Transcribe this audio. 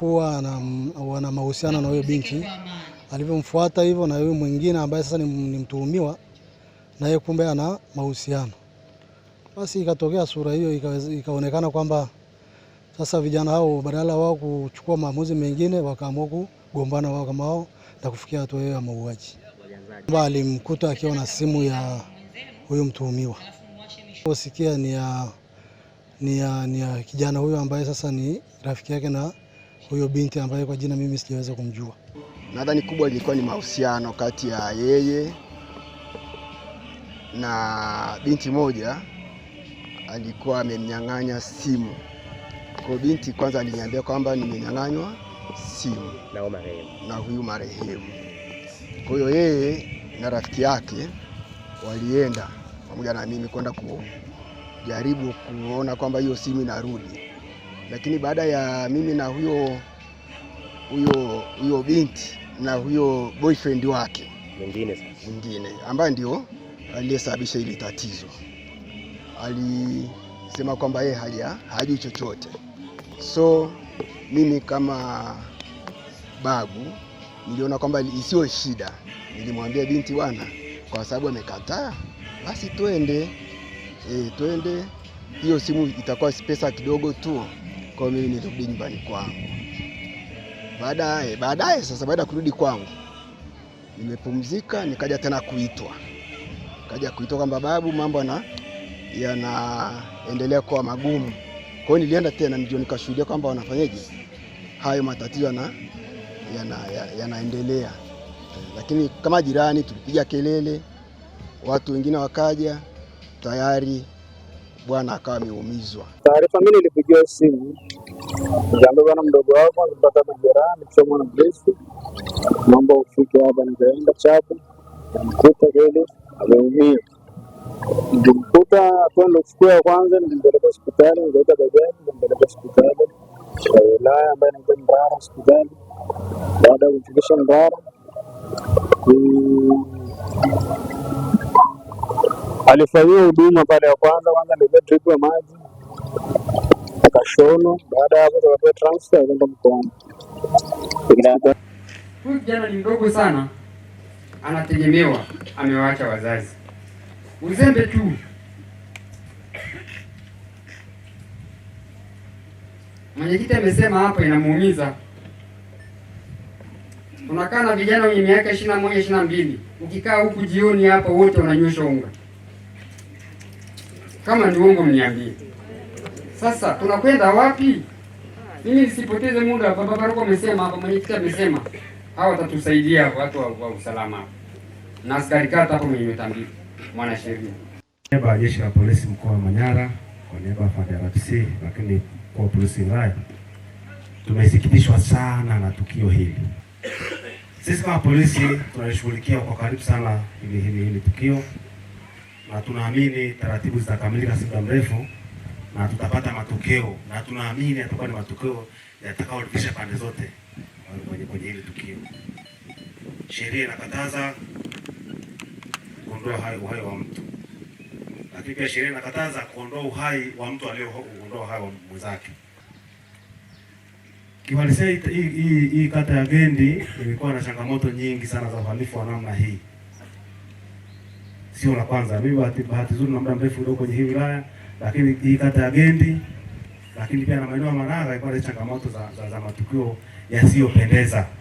kuwa wana mahusiano na huyo binti, alivyomfuata hivyo na huyo mwingine ambaye sasa ni mtuhumiwa, na yeye kumbe ana mahusiano. Basi ikatokea sura hiyo, ikaonekana kwamba sasa vijana hao badala wao kuchukua maamuzi mengine, wakaamua kugombana wao kama wao na kufikia hatua hiyo ya mauaji. Alimkuta akiwa na simu ya huyo mtuhumiwa, sikia ni ya, ni ya, ni ya kijana huyo ambaye sasa ni rafiki yake na huyo binti ambaye kwa jina mimi sijaweza kumjua. Nadhani kubwa lilikuwa ni mahusiano kati ya yeye na binti moja, alikuwa amemnyang'anya simu. Kwa binti kwanza aliniambia kwamba nimenyang'anywa simu na, na huyu marehemu. Kwa hiyo yeye na rafiki yake walienda pamoja na mimi kwenda kujaribu kuona kwamba hiyo simu inarudi lakini baada ya mimi na huyo huyo huyo binti na huyo boyfriend wake mwingine sasa mwingine ambaye ndio aliyesababisha hili tatizo, alisema kwamba yeye hajui chochote. So mimi kama babu niliona kwamba isiyo shida, nilimwambia binti, wana, kwa sababu amekataa, basi twende e, twende. Hiyo simu itakuwa pesa kidogo tu, kwa mimi nilirudi nyumbani kwangu. Baadaye baadaye sasa, baada ya kurudi kwangu, nimepumzika, nikaja tena kuitwa, kaja kuitwa kwamba babu, mambo na yanaendelea kuwa magumu. Kwa hiyo nilienda tena, ndio nikashuhudia kwamba wanafanyaje hayo matatizo yana, yanaendelea. Lakini kama jirani tulipiga kelele, watu wengine wakaja, tayari bwana akawa ameumizwa. Taarifa mimi nilipigiwa simu Nikiambia mdogo wako alipata majeraha, nikichomwa na gesi, naomba ufike hapa. Nikaenda Chapo, mkuta kweli ameumia. Nilimkuta kwenda siku ya kwanza, nilimpeleka hospitali, nikaita bajaji, nikampeleka hospitali ya wilaya ambayo inaitwa Mbarara hospitali. Baada ya kumfikisha Mbarara mm, alifanyia huduma pale ya kwanza, kwanza ndio drip ya maji Kashono. Baada ya hapo tukapewa transfer kwenda mkoani. Huyu kijana ni mdogo sana, anategemewa, amewaacha wazazi. Uzembe tu. Mwenyekiti amesema hapo inamuumiza. Unakaa na vijana wenye miaka ishirini na moja ishirini na mbili ukikaa huku jioni hapa wote wananyosha unga. Kama ni uongo mniambie. Sasa tunakwenda wapi? Mimi nisipoteze muda, baba paroko amesema hapa, mwenyekiti amesema hawa watatusaidia watu wa, wa usalama na askari kata hapo mwenye tambi mwana sheria. Niaba ya jeshi la polisi mkoa wa Manyara kwa niaba ya FARDC lakini kwa polisi wilaya tumesikitishwa sana na tukio hili. Sisi kama polisi tunalishughulikia kwa karibu sana hili hili hili tukio na tunaamini taratibu zitakamilika si muda mrefu na tutapata matokeo na tunaamini yatakuwa ni matokeo yatakayoridhisha pande zote kwenye kwenye hili tukio. Sheria inakataza kuondoa uhai, uhai wa mtu, lakini pia sheria inakataza kuondoa uhai wa mtu aliyeondoa uhai wa mwenzake. Kiwalisea hii hii kata ya Gendi imekuwa na changamoto nyingi sana za uhalifu wa namna hii, sio la kwanza. Mimi bahati nzuri na muda mrefu ndio kwenye hii wilaya lakini hii kata ya Gendi, lakini pia na maeneo ya Maraga ipo changamoto za, za, za matukio yasiyopendeza.